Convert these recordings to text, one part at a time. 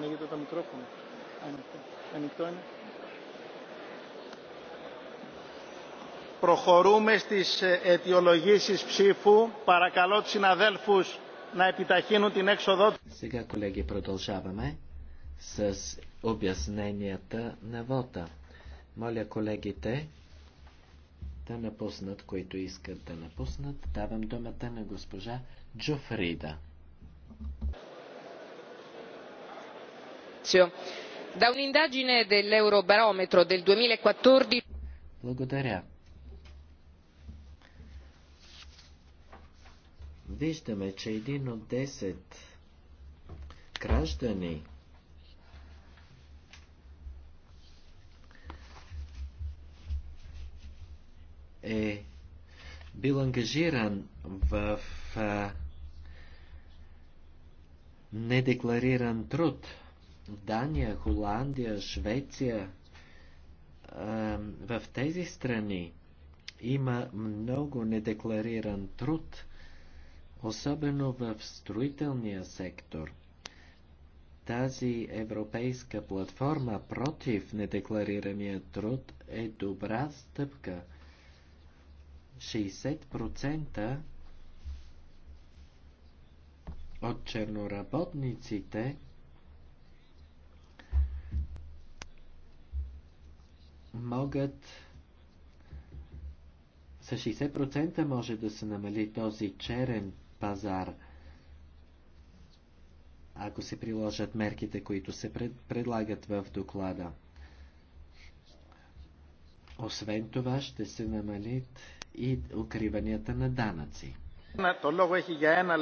ανοίγετε το μικρόφωνο. Ανοιχτό. είναι. Προχωρούμε στις αιτιολογήσεις ψήφου. Παρακαλώ τους συναδέλφους να επιταχύνουν την έξοδό τους. Сега, колеги, продължаваме с обясненията на вота. Моля колегите да напуснат, които искат да напуснат. Давам думата на госпожа Джофрида. Da un'indagine dell'Eurobarometro del 2014. Благодаря. Виждаме, че един от 10 граждани е бил ангажиран в а, недеклариран труд в Дания, Холандия, Швеция, в тези страни има много недеклариран труд, особено в строителния сектор. Тази европейска платформа против недекларирания труд е добра стъпка. 60% от черноработниците могат с 60% може да се намали този черен пазар, ако се приложат мерките, които се пред, предлагат в доклада. Освен това ще се намалят и укриванията на данъци. Το λόγο έχει για ένα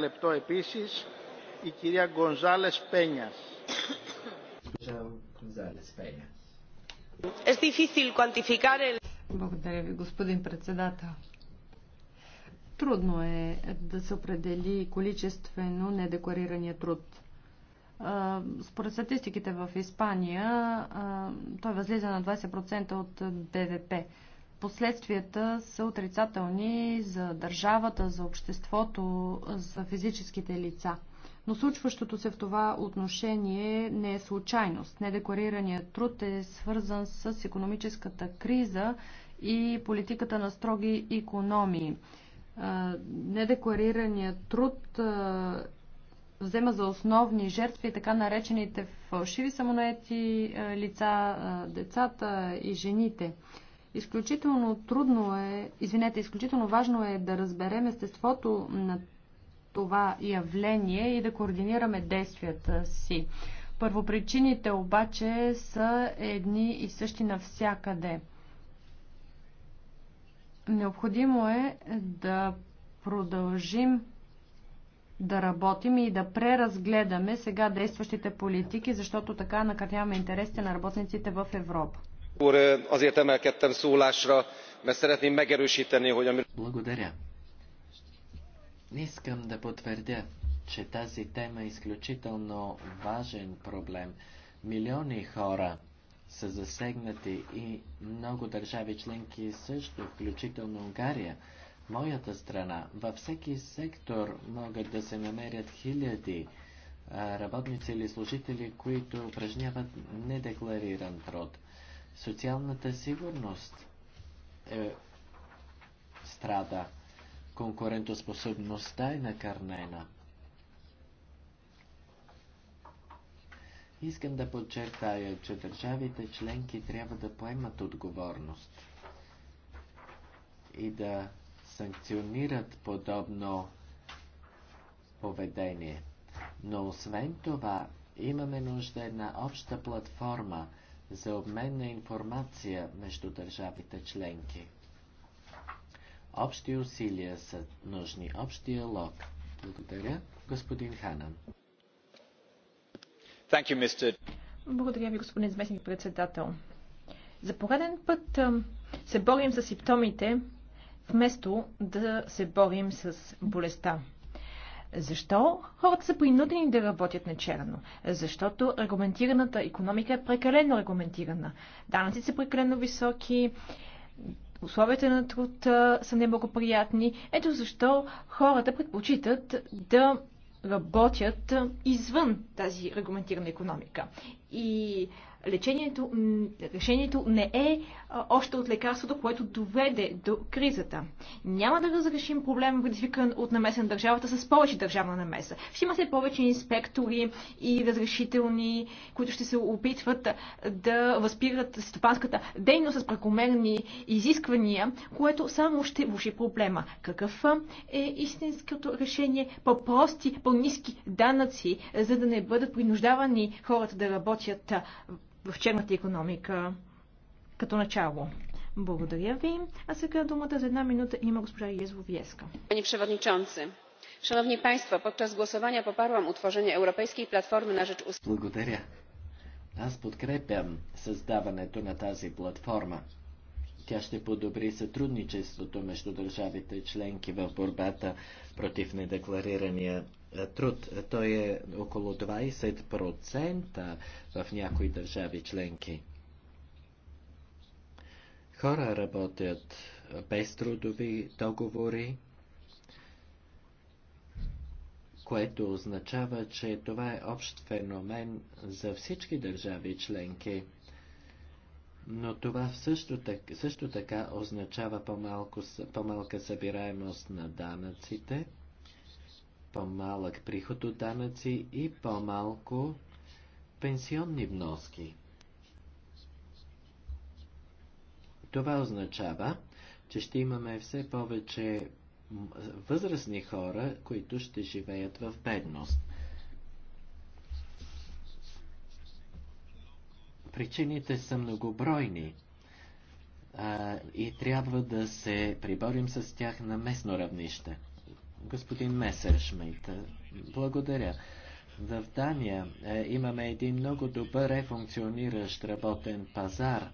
благодаря ви, господин председател. Трудно е да се определи количествено недекларирания труд. Според статистиките в Испания той възлиза на 20% от БВП последствията са отрицателни за държавата, за обществото, за физическите лица. Но случващото се в това отношение не е случайност. Недекларираният труд е свързан с економическата криза и политиката на строги економии. Недекларираният труд взема за основни жертви така наречените фалшиви самонаети лица, децата и жените. Изключително трудно е, извинете, изключително важно е да разберем естеството на това явление и да координираме действията си. Първопричините обаче са едни и същи навсякъде. Необходимо е да продължим да работим и да преразгледаме сега действащите политики, защото така накърняваме интересите на работниците в Европа. Azért emelkedtem szólásra, mert szeretném megerősíteni, hogy... Благодаря. Искам да потвърдя, че тази тема е изключително важен проблем. Милиони хора са засегнати и много държави членки също, включително Унгария. Моята страна, във всеки сектор могат да се намерят хиляди работници или служители, които упражняват недеклариран труд. Социалната сигурност е, страда. Конкурентоспособността е накърнена. Искам да подчертая, че държавите членки трябва да поемат отговорност и да санкционират подобно поведение. Но освен това, имаме нужда една обща платформа – за обмен на информация между държавите членки. Общи усилия са нужни. Общ диалог. Благодаря, господин Ханан. You, Благодаря ви, господин заместник председател. За пореден път се борим с симптомите, вместо да се борим с болестта. Защо хората са принудени да работят на черно? Защото регламентираната економика е прекалено регламентирана. Данъци са прекалено високи, условията на труд са неблагоприятни. Ето защо хората предпочитат да работят извън тази регламентирана економика. И Лечението, решението не е още от лекарството, което доведе до кризата. Няма да разрешим проблем, предизвикан от намеса на държавата, с повече държавна намеса. Ще има се повече инспектори и разрешителни, които ще се опитват да възпират стопанската дейност с прекомерни изисквания, което само ще влуши проблема. Какъв е истинското решение? По-прости, по-низки данъци, за да не бъдат принуждавани хората да работят в черната економика като начало. Благодаря ви. А сега думата за една минута има госпожа Jezłowiecka. Пани przewodniczący, szanowni państwo, podczas głosowania poparłam utworzenie Europejskiej Platformy na rzecz usług. Благодаря. Аз подкрепям създаването на тази платформа. Тя ще подобри сътрудничеството между държавите членки в борбата против недекларирания е, труд. Е, той е около 20% в някои държави членки. Хора работят без трудови договори, което означава, че това е общ феномен за всички държави членки. Но това също така, също така означава по-малка по събираемост на данъците – по-малък приход от данъци и по-малко пенсионни вноски. Това означава, че ще имаме все повече възрастни хора, които ще живеят в бедност. Причините са многобройни а, и трябва да се приборим с тях на местно равнище господин Месершмейт. Благодаря. В Дания е, имаме един много добър функциониращ работен пазар,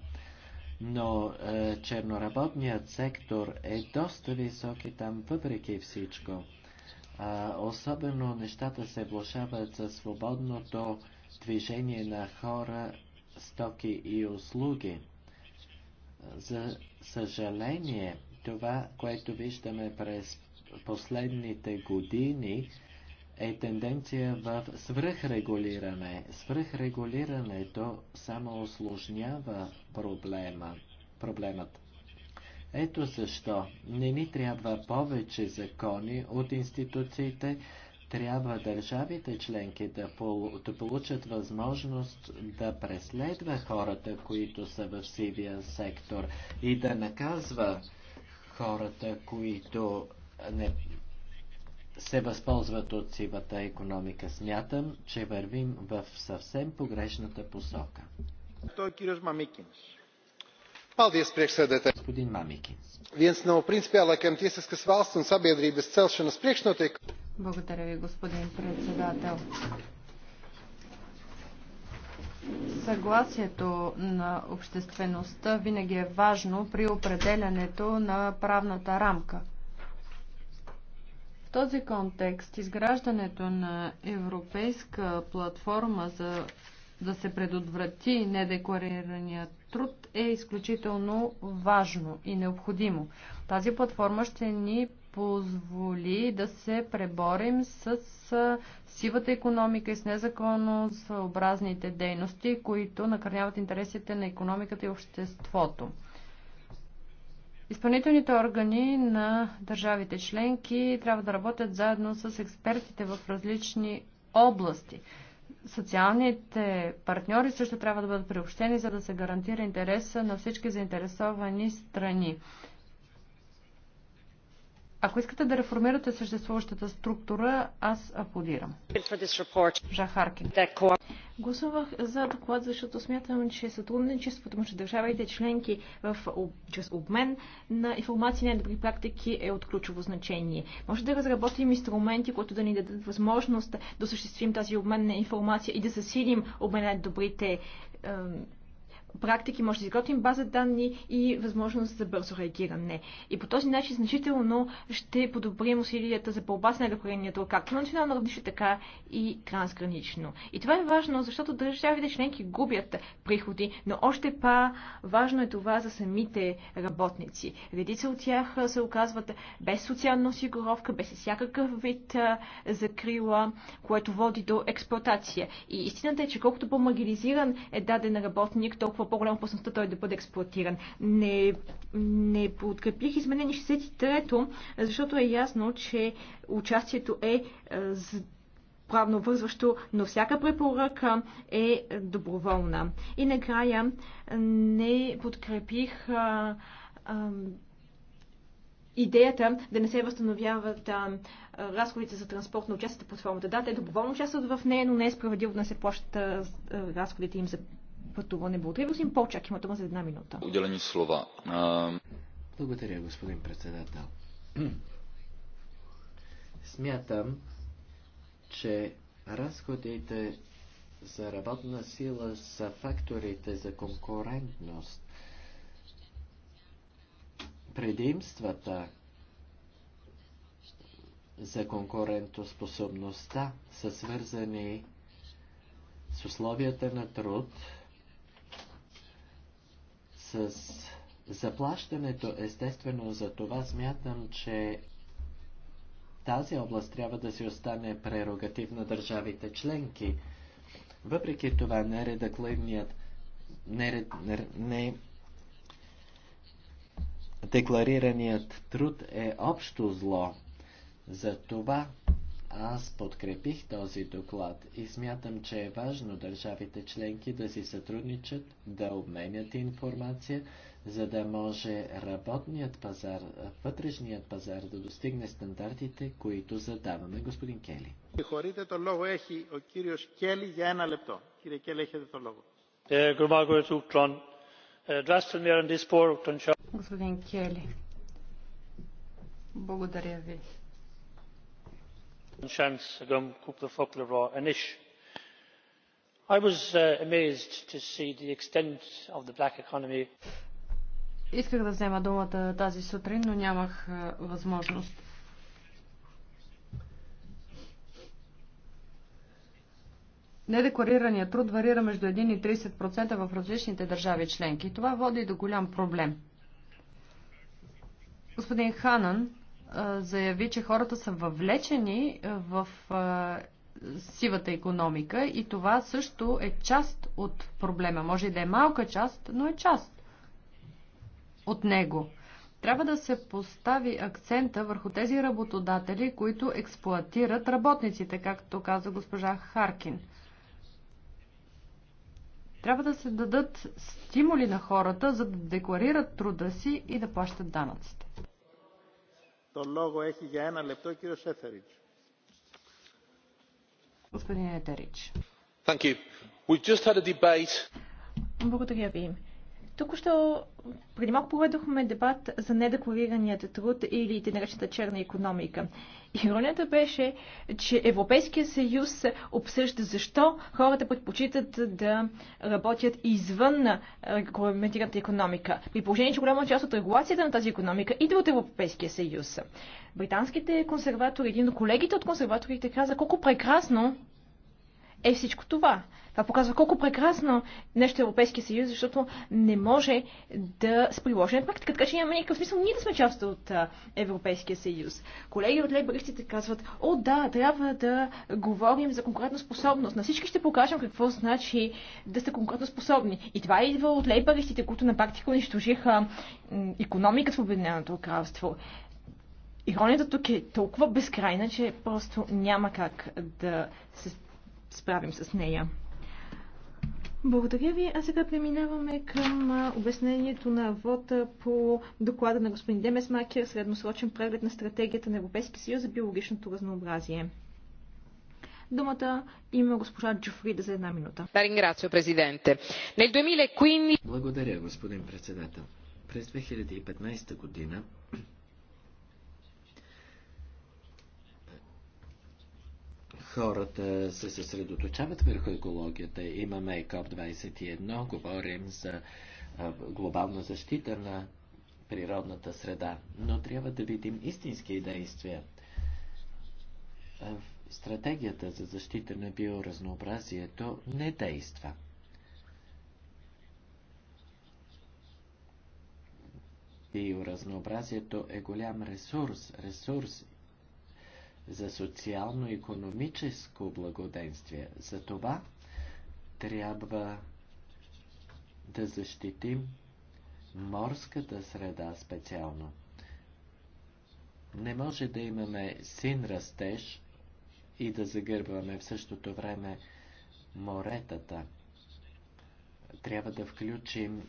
но е, черноработният сектор е доста висок и там въпреки всичко. А, особено нещата се влушават за свободното движение на хора, стоки и услуги. За съжаление, това, което виждаме през последните години е тенденция в свръхрегулиране. Свръхрегулирането само осложнява проблема, проблемът. Ето защо не ни трябва повече закони от институциите, трябва държавите членки да, пол, да получат възможност да преследва хората, които са в сивия сектор и да наказва хората, които не, се възползват от сивата економика. Смятам, че вървим в съвсем погрешната посока. Той е Мамикинс. Пал вие Вие Господин Мамикинс. сте Paldies, priekšsēdētāji. Viens no principiālākajiem tiesiskas valsts un sabiedrības celšanas priekšnoteikumiem. Благодаря ви, господин председател. Съгласието на обществеността винаги е важно при определянето на правната рамка – този контекст изграждането на европейска платформа за да се предотврати недекларирания труд е изключително важно и необходимо. Тази платформа ще ни позволи да се преборим с сивата економика и с незаконосъобразните дейности, които накърняват интересите на економиката и обществото. Изпълнителните органи на държавите членки трябва да работят заедно с експертите в различни области. Социалните партньори също трябва да бъдат приобщени, за да се гарантира интереса на всички заинтересовани страни. Ако искате да реформирате съществуващата структура, аз аплодирам. Гласувах за доклад, защото смятам, че сътрудничеството между държавите членки в, чрез обмен на информация и най-добри практики е от ключово значение. Може да разработим инструменти, които да ни дадат възможност да осъществим тази обмен на информация и да засилим обменят добрите е, практики, може да изготвим база данни и възможност за бързо реагиране. И по този начин значително ще подобрим усилията за борба с недопрението, както на национално равнище, така и трансгранично. И това е важно, защото държавите членки губят приходи, но още по-важно е това за самите работници. Редица от тях се оказват без социална осигуровка, без всякакъв вид закрила, което води до експлоатация. И истината е, че колкото по магилизиран е даден работник, толкова толкова по-голяма опасността той да бъде експлуатиран. Не, не подкрепих изменение 63-то, защото е ясно, че участието е, е правно вързващо, но всяка препоръка е доброволна. И накрая не подкрепих а, а, идеята да не се възстановяват а, разходите за транспорт на участите под формата. Да, те доброволно участват в нея, но не е справедливо да не се плащат а, разходите им за пътуване. Благодаря, господин Полчак. Имате за една минута. Отделени слова. Благодаря, господин председател. Смятам, че разходите за работна сила са факторите за конкурентност. Предимствата за конкурентоспособността са свързани с условията на труд, с заплащането, естествено, за това смятам, че тази област трябва да си остане прерогатив на държавите членки. Въпреки това, нередактивният неред, не, декларираният труд е общо зло. За това аз подкрепих този доклад и смятам, че е важно държавите членки да си сътрудничат, да обменят информация, за да може работният пазар, вътрешният пазар да достигне стандартите, които задаваме господин Кели. Е е, господин Кели, благодаря ви i was uh, amazed to see the extent of the black economy. исках да взема думата тази сутрин но нямах е, възможност. Недекларираният труд варира между 1 и 30% в различните държави членки. Това води до голям проблем. Господин Ханан заяви, че хората са въвлечени в сивата економика и това също е част от проблема. Може и да е малка част, но е част от него. Трябва да се постави акцента върху тези работодатели, които експлуатират работниците, както каза госпожа Харкин. Трябва да се дадат стимули на хората, за да декларират труда си и да плащат данъците. Господин Етерич. Благодаря ви. Тук що преди малко проведохме дебат за недекларираният труд или те наречената черна економика. Иронията беше, че Европейския съюз обсъжда защо хората предпочитат да работят извън регламентираната економика. При положение, че голяма част от регулацията на тази економика идва от Европейския съюз. Британските консерватори, един от колегите от консерваторите каза колко прекрасно е всичко това. Това показва колко прекрасно нещо е Европейския съюз, защото не може да се приложи на практика. Така че няма никакъв смисъл ние да сме част от Европейския съюз. Колеги от лейбористите казват, о да, трябва да говорим за конкретна способност. На всички ще покажем какво значи да сте конкретно способни. И това идва от лейбористите, които на практика унищожиха економика в Обединеното кралство. Иронията тук е толкова безкрайна, че просто няма как да се справим с нея. Благодаря ви. А сега преминаваме към обяснението на вота по доклада на господин Демес Макер, средносрочен преглед на стратегията на Европейския съюз за биологичното разнообразие. Думата има госпожа Джофрида за една минута. Благодаря, господин председател. През 2015 година хората се съсредоточават върху екологията. Имаме КОП-21, говорим за глобална защита на природната среда, но трябва да видим истински действия. Стратегията за защита на биоразнообразието не действа. Биоразнообразието е голям ресурс, ресурс за социално-економическо благоденствие. За това трябва да защитим морската среда специално. Не може да имаме син растеж и да загърбваме в същото време моретата. Трябва да включим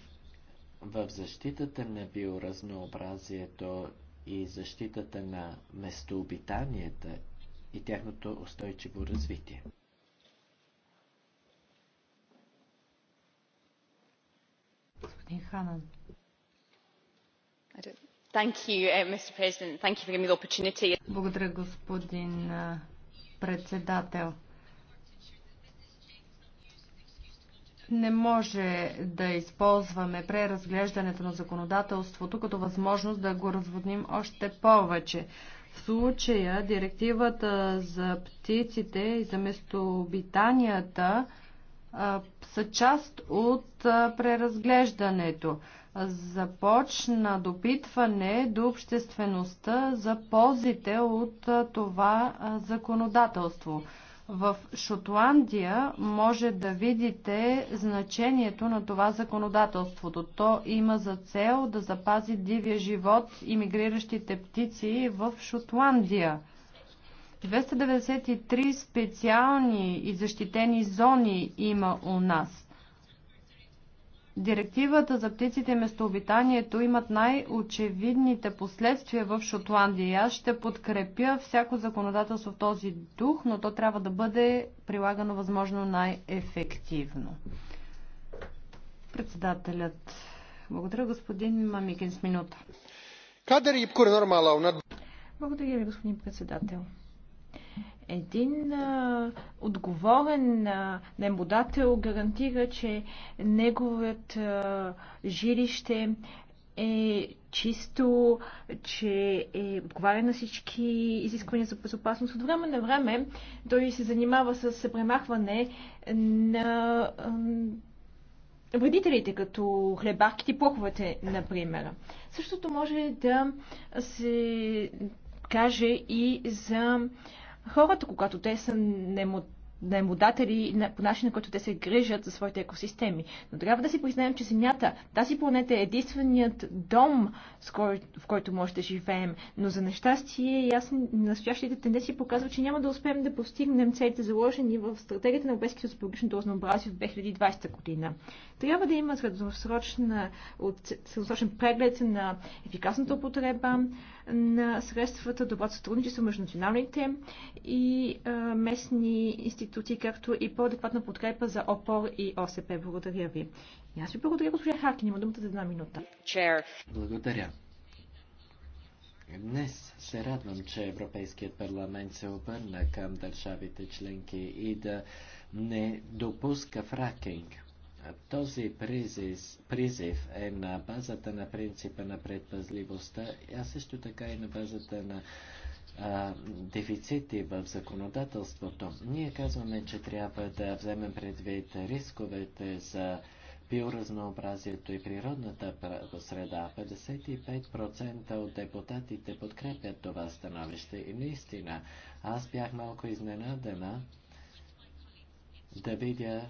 в защитата на биоразнообразието и защитата на местообитанията и тяхното устойчиво развитие. Господин Ханан. Uh, Благодаря, господин председател. не може да използваме преразглеждането на законодателството като възможност да го разводним още повече. В случая директивата за птиците и за местообитанията а, са част от а, преразглеждането. Започна допитване до обществеността за ползите от а, това законодателство. В Шотландия може да видите значението на това законодателството. То има за цел да запази дивия живот и мигриращите птици в Шотландия. 293 специални и защитени зони има у нас. Директивата за птиците и местообитанието имат най-очевидните последствия в Шотландия. Аз ще подкрепя всяко законодателство в този дух, но то трябва да бъде прилагано възможно най-ефективно. Председателят. Благодаря, господин Мамикин, с минута. и е Благодаря ви, господин председател. Един а, отговорен наемодател гарантира, че неговият а, жилище е чисто, че е отговаря на всички изисквания за безопасност. От време на време той се занимава с премахване на вредителите, като хлебарките и плоховете, например. Същото може да се каже и за хората, когато те са наемодатели по начина, който те се грижат за своите екосистеми. Но трябва да си признаем, че Земята, тази планета е единственият дом, кой, в който може да живеем. Но за нещастие, ясно, настоящите тенденции показват, че няма да успеем да постигнем целите заложени в стратегията на Европейския съюз по биологичното разнообразие в 2020 година. Трябва да има средносрочен преглед на ефикасната употреба, на средствата, доброто сътрудничество между националните и местни институти, както и по-адекватна подкрепа за ОПОР и ОСП. Благодаря ви. И аз ви благодаря, госпожа Харкин. Има думата за една минута. Благодаря. Днес се радвам, че Европейският парламент се обърна към държавите членки и да не допуска фракинг. Този призис, призив е на базата на принципа на предпазливостта, а също така и на базата на а, дефицити в законодателството. Ние казваме, че трябва да вземем предвид рисковете за биоразнообразието и природната среда. 55% от депутатите подкрепят това становище и наистина аз бях малко изненадена да видя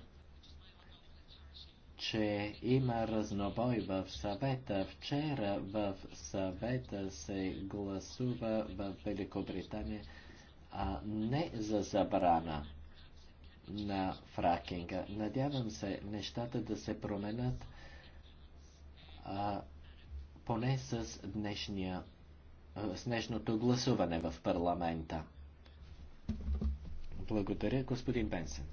че има разнобой в съвета. Вчера в съвета се гласува в Великобритания а не за забрана на фракинга. Надявам се нещата да се променят а, поне с днешния, с днешното гласуване в парламента. Благодаря, господин Бенсен.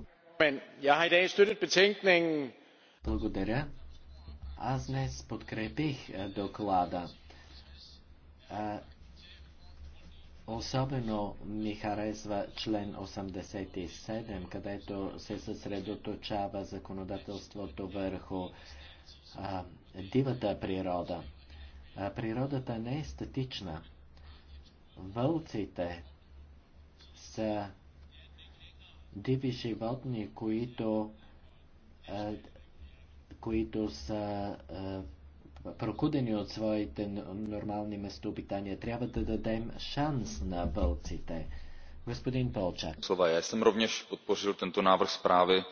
Jeg har i dag støttet betænkningen благодаря. Аз днес подкрепих доклада. Особено ми харесва член 87, където се съсредоточава законодателството върху а, дивата природа. А, природата не е статична. Вълците са диви животни, които които са е, прокудени от своите нормални местообитания. Трябва да дадем шанс на бълците. Господин Полчак. Слова, я съм ровнеш подпожил тенто návrh справи.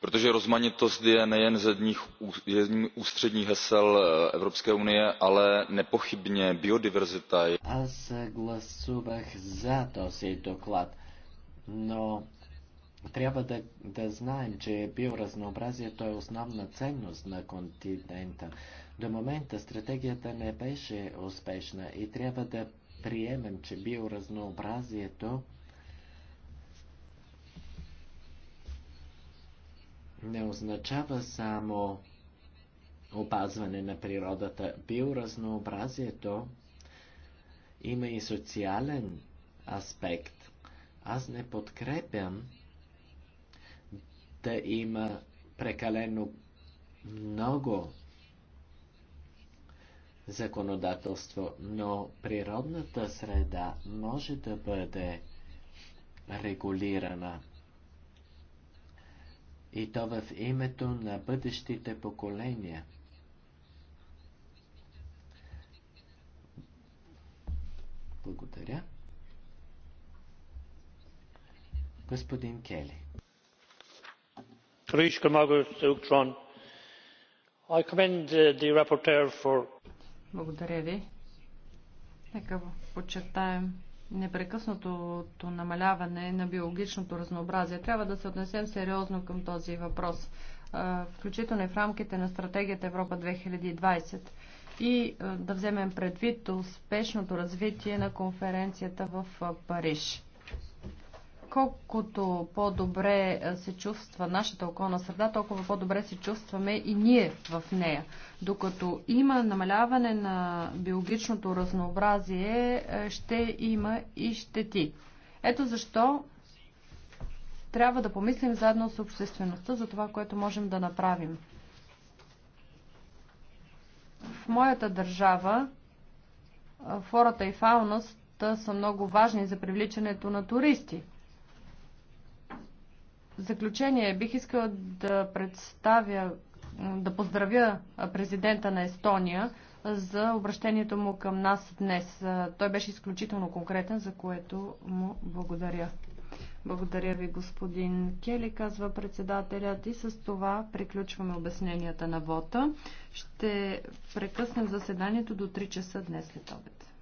protože rozmanitost je nejen z jedních, jedním ústředních hesel Evropské unie, ale nepochybně biodiverzita. je... Аз гласувах за този доклад, No, трябва да, да знаем, че биоразнообразието е основна ценност на континента. До момента стратегията не беше успешна и трябва да приемем, че биоразнообразието не означава само опазване на природата. Биоразнообразието има и социален аспект. Аз не подкрепям да има прекалено много законодателство, но природната среда може да бъде регулирана. И то в името на бъдещите поколения. Благодаря. Господин Кели. Uh, Благодаря ви. Нека подчертаем непрекъснатото намаляване на биологичното разнообразие. Трябва да се отнесем сериозно към този въпрос, включително и в рамките на стратегията Европа 2020 и да вземем предвид успешното развитие на конференцията в Париж колкото по-добре се чувства нашата околна среда, толкова по-добре се чувстваме и ние в нея. Докато има намаляване на биологичното разнообразие, е, ще има и щети. Ето защо трябва да помислим заедно с обществеността за това, което можем да направим. В моята държава е, флората и фауност са много важни за привличането на туристи – заключение бих искала да представя, да поздравя президента на Естония за обращението му към нас днес. Той беше изключително конкретен, за което му благодаря. Благодаря ви, господин Кели, казва председателят. И с това приключваме обясненията на вота. Ще прекъснем заседанието до 3 часа днес след обед.